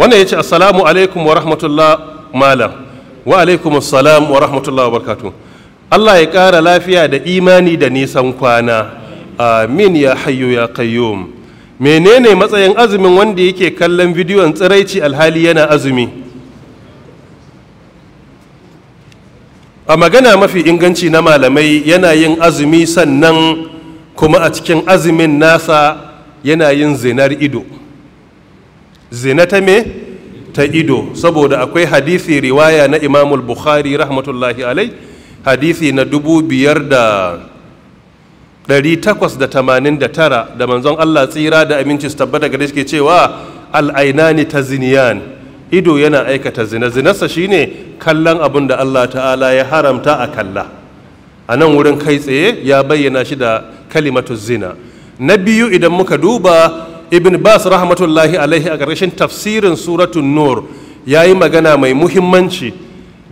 wannan ya ce assalamu alaikum wa rahmatullah malam wa alaikum assalam wa rahmatullah wa barkatu Allah ya ƙara lafiya da imani da nisan kwana amin ya hayyu ya qayyum menene matsayin azumin wanda yake kallon bidiyon tsiraici alhali yana azumi a magana mafi inganci na malamai yana yin azumi sannan kuma a cikin azumin nasa yana yin zinar ido zina ta me ta ido saboda akwai hadisi riwaya na imamul bukhari rahmatullahi alai hadisi na dubu biyar da ɗari takwas da tamanin da tara da manzon allah tsira da aminci su tabbata gare shi ke cewa al'ainani ta ziniyan ido yana aikata zina zinarsa shine kallon abin da allah ta'ala ya haramta a kalla a nan wurin kai tsaye ya bayyana shi da kalimatu zina na biyu idan muka duba ibn bas rahmatullahi alaihi a ƙarshen tafsirin suratun nur ya yi magana mai muhimmanci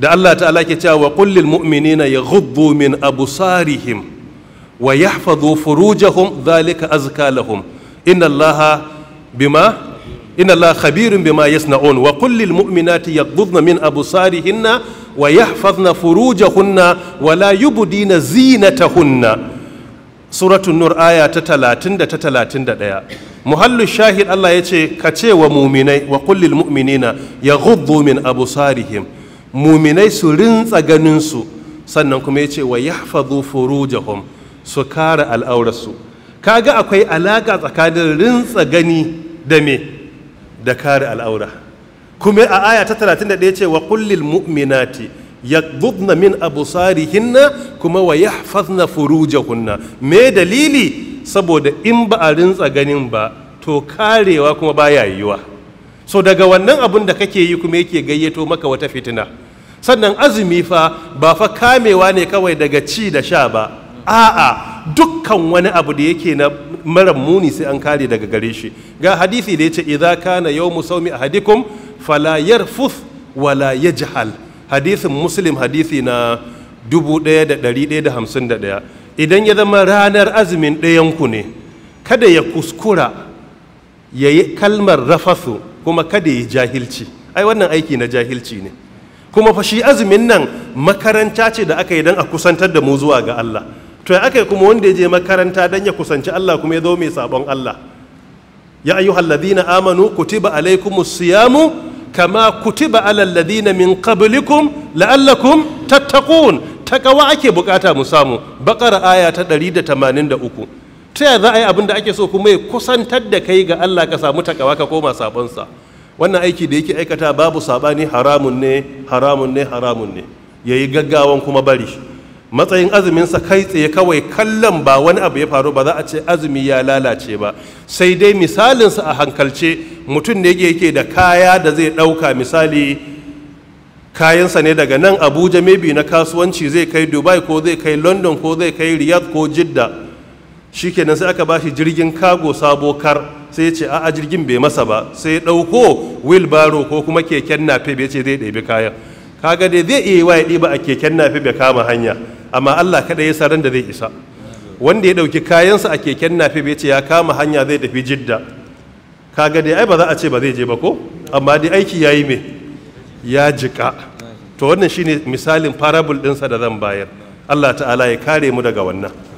da allah ta'ala ke cewa wa kullil mu'minina ya ghubbu min abusarihim wa yahfadhu furujahum dhalika azka lahum inna allaha bima inna allaha khabirun bima yasna'un wa kullil mu'minati yaghdudna min abusarihinna wa yahfazna furujahunna wa la yubdina zinatahunna suratul nur aya ta talatin da ta ɗaya. muhallu shahid Allah ya ce ka ce wa muminai wa kullil mu'minina ya gudu min abu sarihim muminai su rintsa ganinsu sannan kuma ya ce wa ya yahfadhu furujahum su kare al'aurarsu kaga akwai alaƙa tsakanin rintsa gani da me da kare al'aura kuma a aya ta 31 ce wa kullil mu'minati yaghdudna min abu abusarihinna kuma wa ya yahfazna furujahunna me dalili saboda in ba a rintsa ganin ba to karewa kuma baya yiwuwa so daga wannan abin da kake yi kuma yake gayyato maka wata fitina sannan azumi fa ba fa kamewa ne kawai daga ci da sha ba a'a dukkan wani abu da yake na mara muni sai an kare daga gare shi ga hadisi da ya yace idza kana yawmu sawmi ahadikum falayar yarfuth wala yajhal hadisin muslim hadisi na 1151 idan ya zama ranar azumin ɗayanku ne kada ya kuskura ya yi kalmar rafasu kuma kada ya jahilci ai wannan aiki na jahilci ne kuma fa shi azumin nan makaranta ce da aka yi don a kusantar da mu zuwa ga Allah to ya aka yi kuma wanda ya je makaranta don ya kusanci Allah kuma ya zo mai sabon Allah ya ayyuhal na amanu kutiba alaikum siyamu kama kutiba alal ladina min qablikum la'allakum tattaqun ta takawa ake bukata mu samu bakara aya ta 183 ta ya za a yi abin da ake so kuma ya kusantar da kai ga Allah ka samu takawa ka koma sabonsa wannan aiki da yake aikata babu sabani haramun ne haramun ne haramun ne yayi gaggawan kuma bari matsayin azuminsa kai tsaye kawai kallon ba wani abu ya faru ba za a ce azumi ya lalace ba sai dai misalinsa a hankalce mutum ne yake da kaya da zai ɗauka misali kayansa ne daga nan abuja maybe na kasuwanci zai kai dubai ko zai kai london ko zai kai riyadh ko jidda shikenan sai aka bashi jirgin kago sabo kar sai ya ce a'a jirgin bai masa ba sai ya ɗauko wheelbarrow ko kuma keken nafe bai ce zai ɗebi kayan kaga dai zai iya wa ya ɗiba a keken nafe bai kama hanya amma allah kaɗai ya saran da zai isa wanda ya ɗauki kayansa a keken nafe bai ce ya kama hanya zai tafi jidda kaga dai ai ba za a ce ba zai je ba ko amma dai aiki ya yi me ya jika to wannan shine misalin parable ɗinsa da zan bayar Allah ta'ala ya kare mu daga wannan